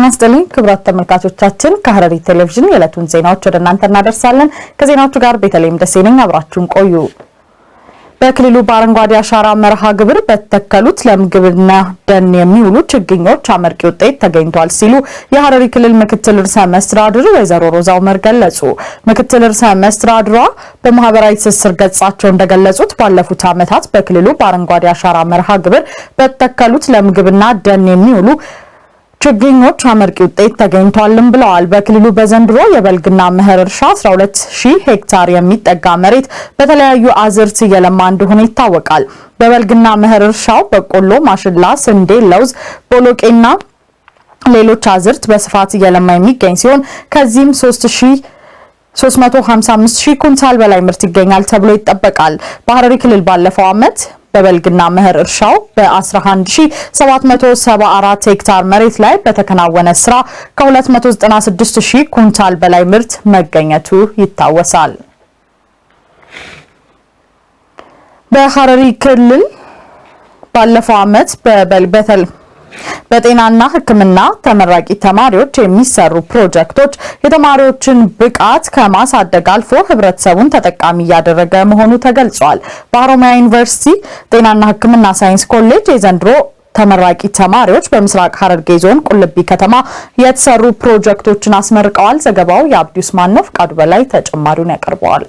ጤና ይስጥልኝ ክቡራት ተመልካቾቻችን፣ ከሐረሪ ቴሌቪዥን የዕለቱን ዜናዎች ወደ እናንተ እናደርሳለን። ከዜናዎቹ ጋር በተለይም ደሴ ነኝ፣ አብራችሁን ቆዩ። በክልሉ በአረንጓዴ አሻራ መርሃ ግብር በተተከሉት ለምግብና ደን የሚውሉ ችግኞች አመርቂ ውጤት ተገኝቷል ሲሉ የሐረሪ ክልል ምክትል ርዕሰ መስተዳድር ወይዘሮ ሮዛ ኡመር ገለጹ። ምክትል ርዕሰ መስተዳድሯ በማህበራዊ ትስስር ገጻቸው እንደገለጹት ባለፉት ዓመታት በክልሉ በአረንጓዴ አሻራ መርሃ ግብር በተተከሉት ለምግብና ደን የሚውሉ ችግኞች አመርቂ ውጤት ተገኝቷልም ብለዋል። በክልሉ በዘንድሮ የበልግና መኸር እርሻ 12 ሺህ ሄክታር የሚጠጋ መሬት በተለያዩ አዝርት እየለማ እንደሆነ ይታወቃል። በበልግና መኸር እርሻው በቆሎ፣ ማሽላ፣ ስንዴ፣ ለውዝ፣ ቦሎቄና ሌሎች አዝርት በስፋት እየለማ የሚገኝ ሲሆን ከዚህም 3000 355 ሺህ ኩንታል በላይ ምርት ይገኛል ተብሎ ይጠበቃል። በሐረሪ ክልል ባለፈው ዓመት በበልግና መኸር እርሻው በ11774 ሄክታር መሬት ላይ በተከናወነ ስራ ከ296000 ኩንታል በላይ ምርት መገኘቱ ይታወሳል። በሐረሪ ክልል ባለፈው ዓመት በበል በጤናና ሕክምና ተመራቂ ተማሪዎች የሚሰሩ ፕሮጀክቶች የተማሪዎችን ብቃት ከማሳደግ አልፎ ህብረተሰቡን ተጠቃሚ እያደረገ መሆኑ ተገልጿል። በሀሮማያ ዩኒቨርሲቲ ጤናና ሕክምና ሳይንስ ኮሌጅ የዘንድሮ ተመራቂ ተማሪዎች በምስራቅ ሐረርጌ ዞን ቁልቢ ከተማ የተሰሩ ፕሮጀክቶችን አስመርቀዋል። ዘገባው የአብዲ ኡስማን ነው። ፍቃዱ በላይ ተጨማሪውን ያቀርበዋል።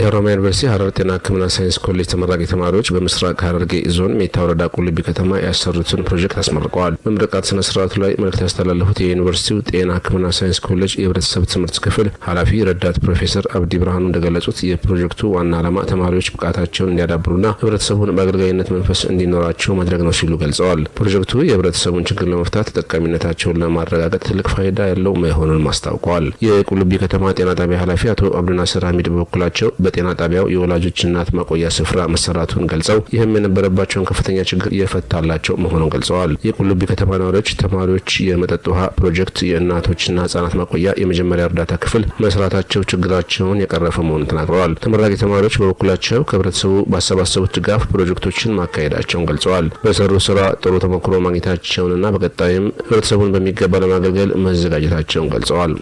የኦሮሚያ ዩኒቨርሲቲ ሀረር ጤና ሕክምና ሳይንስ ኮሌጅ ተመራቂ ተማሪዎች በምስራቅ ሀረርጌ ዞን ሜታ ወረዳ ቁልቢ ከተማ ያሰሩትን ፕሮጀክት አስመርቀዋል። በምርቃት ስነ ስርዓቱ ላይ መልእክት ያስተላለፉት የዩኒቨርሲቲው ጤና ሕክምና ሳይንስ ኮሌጅ የህብረተሰብ ትምህርት ክፍል ኃላፊ ረዳት ፕሮፌሰር አብዲ ብርሃኑ እንደገለጹት የፕሮጀክቱ ዋና ዓላማ ተማሪዎች ብቃታቸውን እንዲያዳብሩና ህብረተሰቡን በአገልጋይነት መንፈስ እንዲኖራቸው ማድረግ ነው ሲሉ ገልጸዋል። ፕሮጀክቱ የህብረተሰቡን ችግር ለመፍታት ተጠቃሚነታቸውን ለማረጋገጥ ትልቅ ፋይዳ ያለው መሆኑን አስታውቀዋል። የቁልቢ ከተማ ጤና ጣቢያ ኃላፊ አቶ አብዱናስር ሀሚድ በበኩላቸው በጤና ጣቢያው የወላጆች እናት ማቆያ ስፍራ መሰራቱን ገልጸው ይህም የነበረባቸውን ከፍተኛ ችግር የፈታላቸው መሆኑን ገልጸዋል። የቁልቢ ከተማ ነዋሪዎች ተማሪዎች የመጠጥ ውሃ ፕሮጀክት፣ የእናቶችና ህጻናት ማቆያ የመጀመሪያ እርዳታ ክፍል መስራታቸው ችግራቸውን የቀረፈ መሆኑን ተናግረዋል። ተመራቂ ተማሪዎች በበኩላቸው ከህብረተሰቡ ባሰባሰቡት ድጋፍ ፕሮጀክቶችን ማካሄዳቸውን ገልጸዋል። በሰሩ ስራ ጥሩ ተሞክሮ ማግኘታቸውንና በቀጣይም ህብረተሰቡን በሚገባ ለማገልገል መዘጋጀታቸውን ገልጸዋል።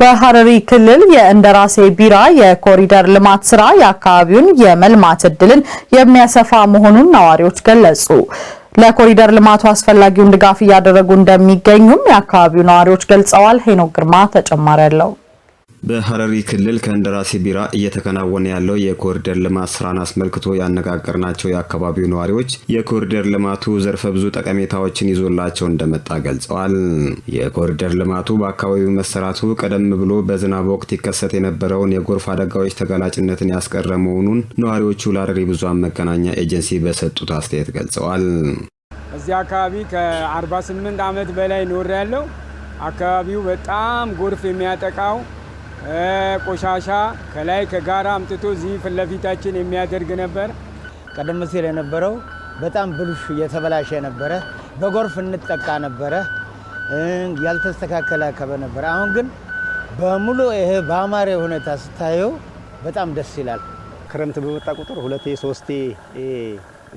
በሐረሪ ክልል የእንደራሴ ቢራ የኮሪደር ልማት ስራ የአካባቢውን የመልማት እድልን የሚያሰፋ መሆኑን ነዋሪዎች ገለጹ። ለኮሪደር ልማቱ አስፈላጊውን ድጋፍ እያደረጉ እንደሚገኙም የአካባቢው ነዋሪዎች ገልጸዋል። ሄኖክ ግርማ ተጨማሪ አለው። በሐረሪ ክልል ከእንደራሴ ቢራ እየተከናወነ ያለው የኮሪደር ልማት ስራን አስመልክቶ ያነጋገርናቸው የአካባቢው ነዋሪዎች የኮሪደር ልማቱ ዘርፈ ብዙ ጠቀሜታዎችን ይዞላቸው እንደመጣ ገልጸዋል። የኮሪደር ልማቱ በአካባቢው መሰራቱ ቀደም ብሎ በዝናብ ወቅት ይከሰት የነበረውን የጎርፍ አደጋዎች ተጋላጭነትን ያስቀረ መሆኑን ነዋሪዎቹ ለሐረሪ ብዙሃን መገናኛ ኤጀንሲ በሰጡት አስተያየት ገልጸዋል። እዚህ አካባቢ ከ48 ዓመት በላይ ኖር ያለው አካባቢው በጣም ጎርፍ የሚያጠቃው ቆሻሻ ከላይ ከጋራ አምጥቶ እዚህ ፊት ለፊታችን የሚያደርግ ነበር። ቀደም ሲል የነበረው በጣም ብልሹ የተበላሸ ነበረ። በጎርፍ እንጠቃ ነበረ። ያልተስተካከለ አካባቢ ነበረ። አሁን ግን በሙሉ ይሄ በአማረ ሁኔታ ስታየው በጣም ደስ ይላል። ክረምት በመጣ ቁጥር ሁለቴ ሶስቴ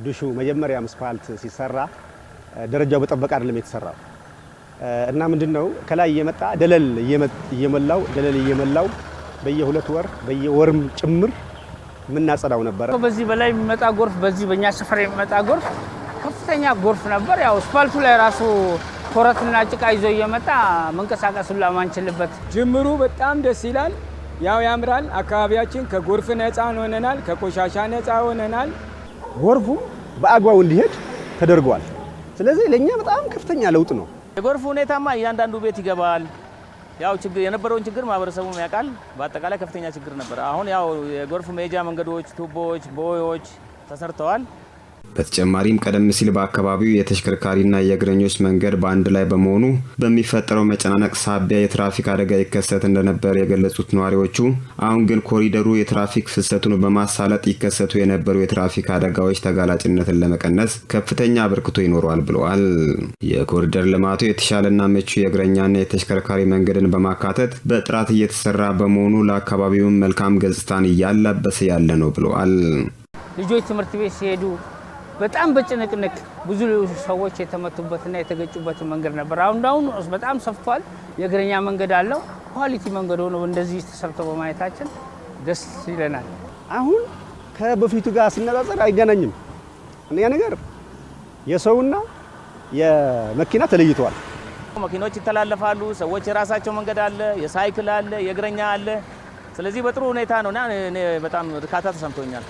ዱሹ መጀመሪያ አስፋልት ሲሰራ ደረጃው በጠበቅ አይደለም የተሰራው እና ምንድን ነው ከላይ እየመጣ ደለል እየሞላው ደለል እየሞላው በየሁለት ወር በየወርም ጭምር የምናጸዳው ነበር። በዚህ በላይ የሚመጣ ጎርፍ በዚህ በእኛ ሰፈር የሚመጣ ጎርፍ ከፍተኛ ጎርፍ ነበር። ያው ስፓልቱ ላይ ራሱ ኮረትና ጭቃ ይዞ እየመጣ መንቀሳቀስ ሁላ ጅምሩ በጣም ደስ ይላል፣ ያው ያምራል። አካባቢያችን ከጎርፍ ነፃ ሆነናል፣ ከቆሻሻ ነፃ ሆነናል። ጎርፉ በአግባቡ እንዲሄድ ተደርጓል። ስለዚህ ለእኛ በጣም ከፍተኛ ለውጥ ነው። የጎርፍ ሁኔታማ እያንዳንዱ ቤት ይገባል። ያው ችግር የነበረውን ችግር ማህበረሰቡ ያውቃል። በአጠቃላይ ከፍተኛ ችግር ነበር። አሁን ያው የጎርፍ መሄጃ መንገዶች፣ ቱቦዎች፣ ቦዮች ተሰርተዋል። በተጨማሪም ቀደም ሲል በአካባቢው የተሽከርካሪና የእግረኞች መንገድ በአንድ ላይ በመሆኑ በሚፈጠረው መጨናነቅ ሳቢያ የትራፊክ አደጋ ይከሰት እንደነበር የገለጹት ነዋሪዎቹ አሁን ግን ኮሪደሩ የትራፊክ ፍሰቱን በማሳለጥ ይከሰቱ የነበሩ የትራፊክ አደጋዎች ተጋላጭነትን ለመቀነስ ከፍተኛ አበርክቶ ይኖረዋል ብለዋል። የኮሪደር ልማቱ የተሻለና ምቹ የእግረኛና የተሽከርካሪ መንገድን በማካተት በጥራት እየተሰራ በመሆኑ ለአካባቢውም መልካም ገጽታን እያላበሰ ያለ ነው ብለዋል። ልጆች ትምህርት ቤት ሲሄዱ በጣም በጭንቅንቅ ብዙ ሰዎች የተመቱበትና የተገጩበትን መንገድ ነበር። አሁን እንዳሁኑ በጣም ሰፍቷል። የእግረኛ መንገድ አለው። ኳሊቲ መንገድ ሆኖ እንደዚህ ተሰርቶ በማየታችን ደስ ይለናል። አሁን ከበፊቱ ጋር ሲነጻጸር አይገናኝም። እኔ ነገር የሰውና የመኪና ተለይተዋል። መኪኖች ይተላለፋሉ። ሰዎች የራሳቸው መንገድ አለ፣ የሳይክል አለ፣ የእግረኛ አለ። ስለዚህ በጥሩ ሁኔታ ነው እና በጣም እርካታ ተሰምቶኛል።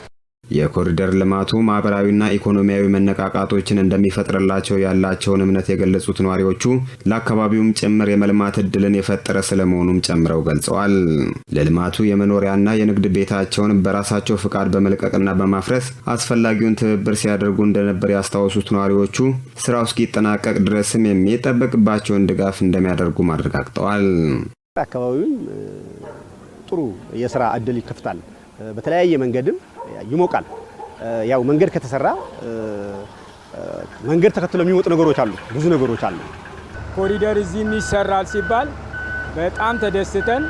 የኮሪደር ልማቱ ማህበራዊና ኢኮኖሚያዊ መነቃቃቶችን እንደሚፈጥርላቸው ያላቸውን እምነት የገለጹት ነዋሪዎቹ ለአካባቢውም ጭምር የመልማት እድልን የፈጠረ ስለመሆኑም ጨምረው ገልጸዋል። ለልማቱ የመኖሪያና የንግድ ቤታቸውን በራሳቸው ፍቃድ በመልቀቅና በማፍረስ አስፈላጊውን ትብብር ሲያደርጉ እንደነበር ያስታወሱት ነዋሪዎቹ ስራው እስኪጠናቀቅ ድረስም የሚጠበቅባቸውን ድጋፍ እንደሚያደርጉም አረጋግጠዋል። አካባቢውም ጥሩ የስራ እድል ይከፍታል በተለያየ መንገድም ይሞቃል። ያው መንገድ ከተሰራ መንገድ ተከትሎ የሚወጡ ነገሮች አሉ፣ ብዙ ነገሮች አሉ። ኮሪደር እዚህም ይሰራል ሲባል በጣም ተደስተን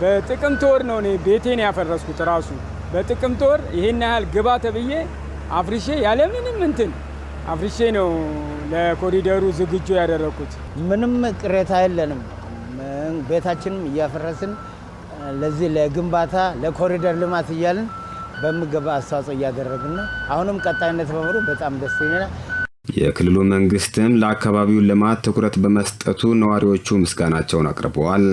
በጥቅምት ወር ነው እኔ ቤቴን ያፈረስኩት ራሱ በጥቅምት ወር ይሄን ያህል ግባ ተብዬ አፍርሼ ያለምንም እንትን አፍርሼ ነው ለኮሪደሩ ዝግጁ ያደረኩት። ምንም ቅሬታ የለንም። ቤታችንም እያፈረስን ለዚህ ለግንባታ ለኮሪደር ልማት እያልን በምገባ አስተዋጽኦ እያደረግን ነው። አሁንም ቀጣይነት በመሩ በጣም ደስተኛ የክልሉ መንግስትም ለአካባቢው ልማት ትኩረት በመስጠቱ ነዋሪዎቹ ምስጋናቸውን አቅርበዋል።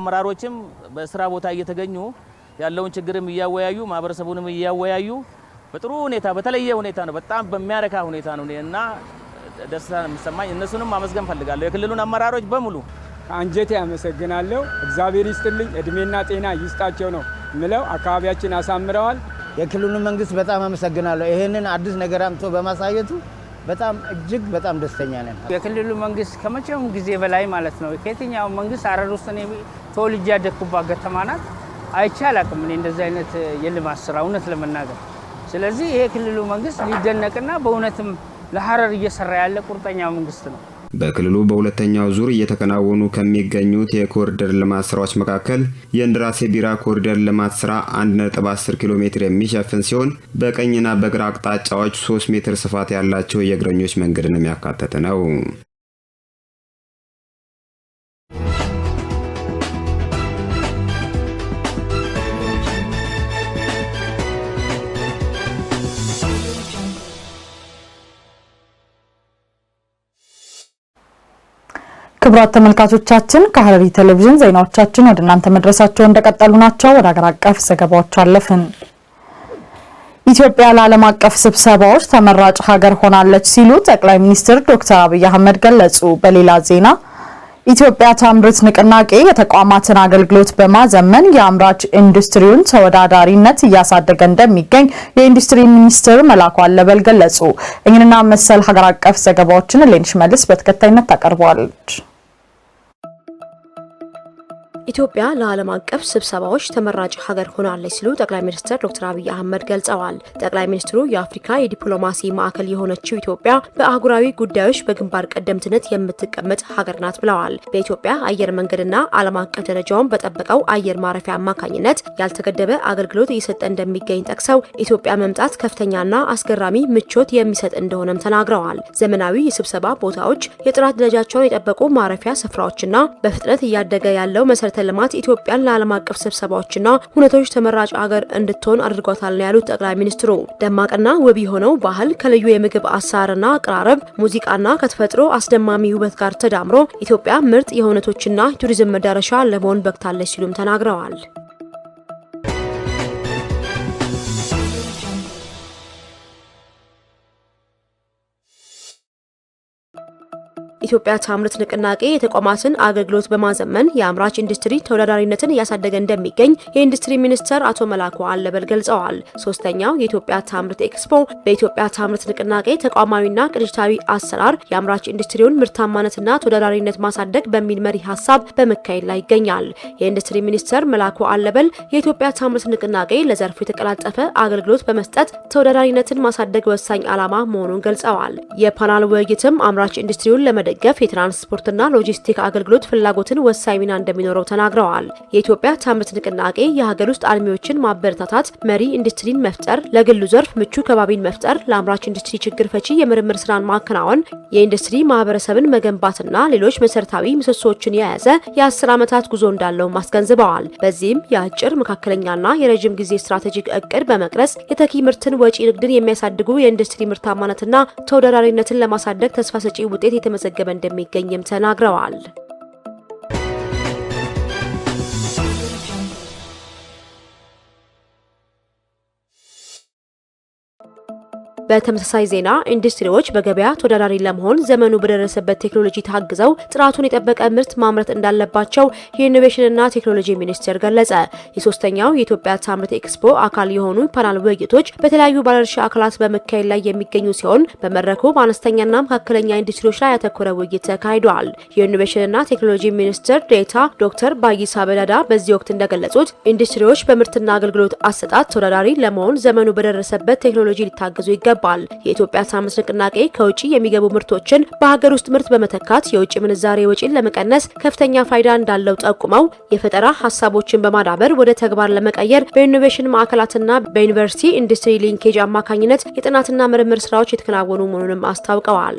አመራሮችም በስራ ቦታ እየተገኙ ያለውን ችግርም እያወያዩ ማህበረሰቡንም እያወያዩ በጥሩ ሁኔታ በተለየ ሁኔታ ነው፣ በጣም በሚያረካ ሁኔታ ነው እና ደስታ የሚሰማኝ እነሱንም ማመስገን ፈልጋለሁ። የክልሉን አመራሮች በሙሉ ከአንጀቴ ያመሰግናለሁ። እግዚአብሔር ይስጥልኝ፣ እድሜና ጤና ይስጣቸው ነው ምለው። አካባቢያችን አሳምረዋል። የክልሉ መንግስት በጣም አመሰግናለሁ። ይህንን አዲስ ነገር አምቶ በማሳየቱ በጣም እጅግ በጣም ደስተኛ ነን። የክልሉ መንግስት ከመቼውም ጊዜ በላይ ማለት ነው ከየትኛው መንግስት አረር ውስጥ እኔ ተወልጄ ያደግኩባት ከተማ ናት። አይቼ አላቅም እኔ እንደዚህ አይነት የልማት ስራ እውነት ለመናገር። ስለዚህ ይሄ የክልሉ መንግስት ሊደነቅና በእውነትም ለሀረር እየሰራ ያለ ቁርጠኛ መንግስት ነው። በክልሉ በሁለተኛው ዙር እየተከናወኑ ከሚገኙት የኮሪደር ልማት ስራዎች መካከል የእንድራሴ ቢራ ኮሪደር ልማት ስራ 1.10 ኪሎ ሜትር የሚሸፍን ሲሆን በቀኝና በግራ አቅጣጫዎች 3 ሜትር ስፋት ያላቸው የእግረኞች መንገድንም ያካተተ ነው። ክቡራት ተመልካቾቻችን ከሐረሪ ቴሌቪዥን ዜናዎቻችን ወደ እናንተ መድረሳቸው እንደቀጠሉ ናቸው። ወደ አገር አቀፍ ዘገባዎች አለፍን። ኢትዮጵያ ለዓለም አቀፍ ስብሰባዎች ተመራጭ ሀገር ሆናለች ሲሉ ጠቅላይ ሚኒስትር ዶክተር አብይ አህመድ ገለጹ። በሌላ ዜና ኢትዮጵያ ታምርት ንቅናቄ የተቋማትን አገልግሎት በማዘመን የአምራች ኢንዱስትሪውን ተወዳዳሪነት እያሳደገ እንደሚገኝ የኢንዱስትሪ ሚኒስትር መላኩ አለበል ገለጹ። እኝንና መሰል ሀገር አቀፍ ዘገባዎችን ሌንሽ መልስ በተከታይነት ታቀርበዋለች። ኢትዮጵያ ለዓለም አቀፍ ስብሰባዎች ተመራጭ ሀገር ሆናለች ሲሉ ጠቅላይ ሚኒስትር ዶክተር አብይ አህመድ ገልጸዋል። ጠቅላይ ሚኒስትሩ የአፍሪካ የዲፕሎማሲ ማዕከል የሆነችው ኢትዮጵያ በአህጉራዊ ጉዳዮች በግንባር ቀደምትነት የምትቀመጥ ሀገር ናት ብለዋል። በኢትዮጵያ አየር መንገድና ዓለም አቀፍ ደረጃውን በጠበቀው አየር ማረፊያ አማካኝነት ያልተገደበ አገልግሎት እየሰጠ እንደሚገኝ ጠቅሰው ኢትዮጵያ መምጣት ከፍተኛና አስገራሚ ምቾት የሚሰጥ እንደሆነም ተናግረዋል። ዘመናዊ የስብሰባ ቦታዎች፣ የጥራት ደረጃቸውን የጠበቁ ማረፊያ ስፍራዎችና በፍጥነት እያደገ ያለው መሰረተ መሰረተ ልማት ኢትዮጵያን ለዓለም አቀፍ ስብሰባዎችና ሁነቶች ተመራጭ አገር እንድትሆን አድርጓታል ነው ያሉት ጠቅላይ ሚኒስትሩ። ደማቅና ውብ የሆነው ባህል ከልዩ የምግብ አሰራርና አቀራረብ፣ ሙዚቃና ከተፈጥሮ አስደማሚ ውበት ጋር ተዳምሮ ኢትዮጵያ ምርጥ የሁነቶችና ቱሪዝም መዳረሻ ለመሆን በቅታለች ሲሉም ተናግረዋል። ኢትዮጵያ ታምርት ንቅናቄ የተቋማትን አገልግሎት በማዘመን የአምራች ኢንዱስትሪ ተወዳዳሪነትን እያሳደገ እንደሚገኝ የኢንዱስትሪ ሚኒስተር አቶ መላኩ አለበል ገልጸዋል። ሶስተኛው የኢትዮጵያ ታምርት ኤክስፖ በኢትዮጵያ ታምርት ንቅናቄ ተቋማዊና ቅንጅታዊ አሰራር የአምራች ኢንዱስትሪውን ምርታማነትና ተወዳዳሪነት ማሳደግ በሚል መሪ ሀሳብ በመካሄድ ላይ ይገኛል። የኢንዱስትሪ ሚኒስተር መላኩ አለበል የኢትዮጵያ ታምርት ንቅናቄ ለዘርፉ የተቀላጠፈ አገልግሎት በመስጠት ተወዳዳሪነትን ማሳደግ ወሳኝ ዓላማ መሆኑን ገልጸዋል። የፓናል ውይይትም አምራች ኢንዱስትሪውን ለመደ በመደገፍ የትራንስፖርትና ሎጂስቲክ አገልግሎት ፍላጎትን ወሳኝ ሚና እንደሚኖረው ተናግረዋል። የኢትዮጵያ ታምርት ንቅናቄ የሀገር ውስጥ አልሚዎችን ማበረታታት፣ መሪ ኢንዱስትሪን መፍጠር፣ ለግሉ ዘርፍ ምቹ ከባቢን መፍጠር፣ ለአምራች ኢንዱስትሪ ችግር ፈቺ የምርምር ስራን ማከናወን፣ የኢንዱስትሪ ማህበረሰብን መገንባትና ሌሎች መሰረታዊ ምሰሶዎችን የያዘ የአስር ዓመታት ጉዞ እንዳለው አስገንዝበዋል። በዚህም የአጭር መካከለኛና የረዥም ጊዜ ስትራቴጂክ እቅድ በመቅረጽ የተኪ ምርትን ወጪ ንግድን የሚያሳድጉ የኢንዱስትሪ ምርታማነትና ተወዳዳሪነትን ለማሳደግ ተስፋ ሰጪ ውጤት የተመዘገበ እየተመዘገበ እንደሚገኝም ተናግረዋል። በተመሳሳይ ዜና ኢንዱስትሪዎች በገበያ ተወዳዳሪ ለመሆን ዘመኑ በደረሰበት ቴክኖሎጂ ታግዘው ጥራቱን የጠበቀ ምርት ማምረት እንዳለባቸው የኢኖቬሽንና ቴክኖሎጂ ሚኒስቴር ገለጸ። የሶስተኛው የኢትዮጵያ ታምርት ኤክስፖ አካል የሆኑ ፓናል ውይይቶች በተለያዩ ባለድርሻ አካላት በመካሄድ ላይ የሚገኙ ሲሆን በመድረኩ በአነስተኛና መካከለኛ ኢንዱስትሪዎች ላይ ያተኮረ ውይይት ተካሂደዋል። የኢኖቬሽንና ቴክኖሎጂ ሚኒስትር ዴታ ዶክተር ባይሳ በዳዳ በዚህ ወቅት እንደገለጹት ኢንዱስትሪዎች በምርትና አገልግሎት አሰጣጥ ተወዳዳሪ ለመሆን ዘመኑ በደረሰበት ቴክኖሎጂ ሊታገዙ ይገባል። ይገባል። የኢትዮጵያ አምራች ንቅናቄ ከውጭ የሚገቡ ምርቶችን በሀገር ውስጥ ምርት በመተካት የውጭ ምንዛሬ ወጪን ለመቀነስ ከፍተኛ ፋይዳ እንዳለው ጠቁመው የፈጠራ ሀሳቦችን በማዳበር ወደ ተግባር ለመቀየር በኢኖቬሽን ማዕከላትና በዩኒቨርሲቲ ኢንዱስትሪ ሊንኬጅ አማካኝነት የጥናትና ምርምር ስራዎች የተከናወኑ መሆኑንም አስታውቀዋል።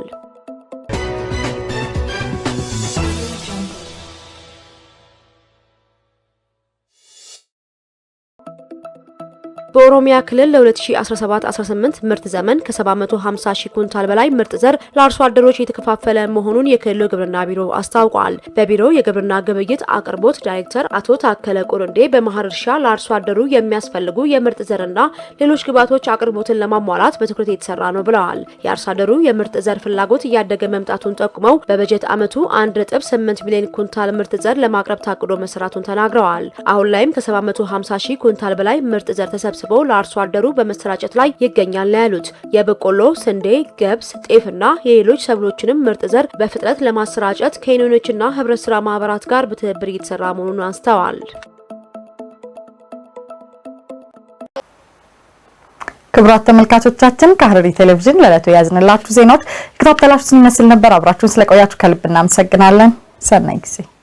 የኦሮሚያ ክልል ለ2017-18 ምርት ዘመን ከ750 ሺህ ኩንታል በላይ ምርጥ ዘር ለአርሶ አደሮች የተከፋፈለ መሆኑን የክልሉ ግብርና ቢሮ አስታውቋል። በቢሮው የግብርና ግብይት አቅርቦት ዳይሬክተር አቶ ታከለ ቁርንዴ በመኸር እርሻ ለአርሶ አደሩ የሚያስፈልጉ የምርጥ ዘርና ሌሎች ግብዓቶች አቅርቦትን ለማሟላት በትኩረት የተሰራ ነው ብለዋል። የአርሶ አደሩ የምርጥ ዘር ፍላጎት እያደገ መምጣቱን ጠቁመው በበጀት ዓመቱ 1.8 ሚሊዮን ኩንታል ምርጥ ዘር ለማቅረብ ታቅዶ መሰራቱን ተናግረዋል። አሁን ላይም ከ750 ሺህ ኩንታል በላይ ምርጥ ዘር ተሰብስቦ ለአርሶ አደሩ በመሰራጨት ላይ ይገኛል ነው ያሉት። የበቆሎ፣ ስንዴ፣ ገብስ፣ ጤፍና የሌሎች ሰብሎችንም ምርጥ ዘር በፍጥነት ለማሰራጨት ከዩኒዮኖችና ህብረት ስራ ማህበራት ጋር በትብብር እየተሰራ መሆኑን አንስተዋል። ክቡራት ተመልካቾቻችን ከሐረሪ ቴሌቪዥን ለዕለቱ የያዝንላችሁ ዜናዎች የተከታተላችሁትን ይመስል ነበር። አብራችሁን ስለቆያችሁ ከልብ እናመሰግናለን። ሰናይ ጊዜ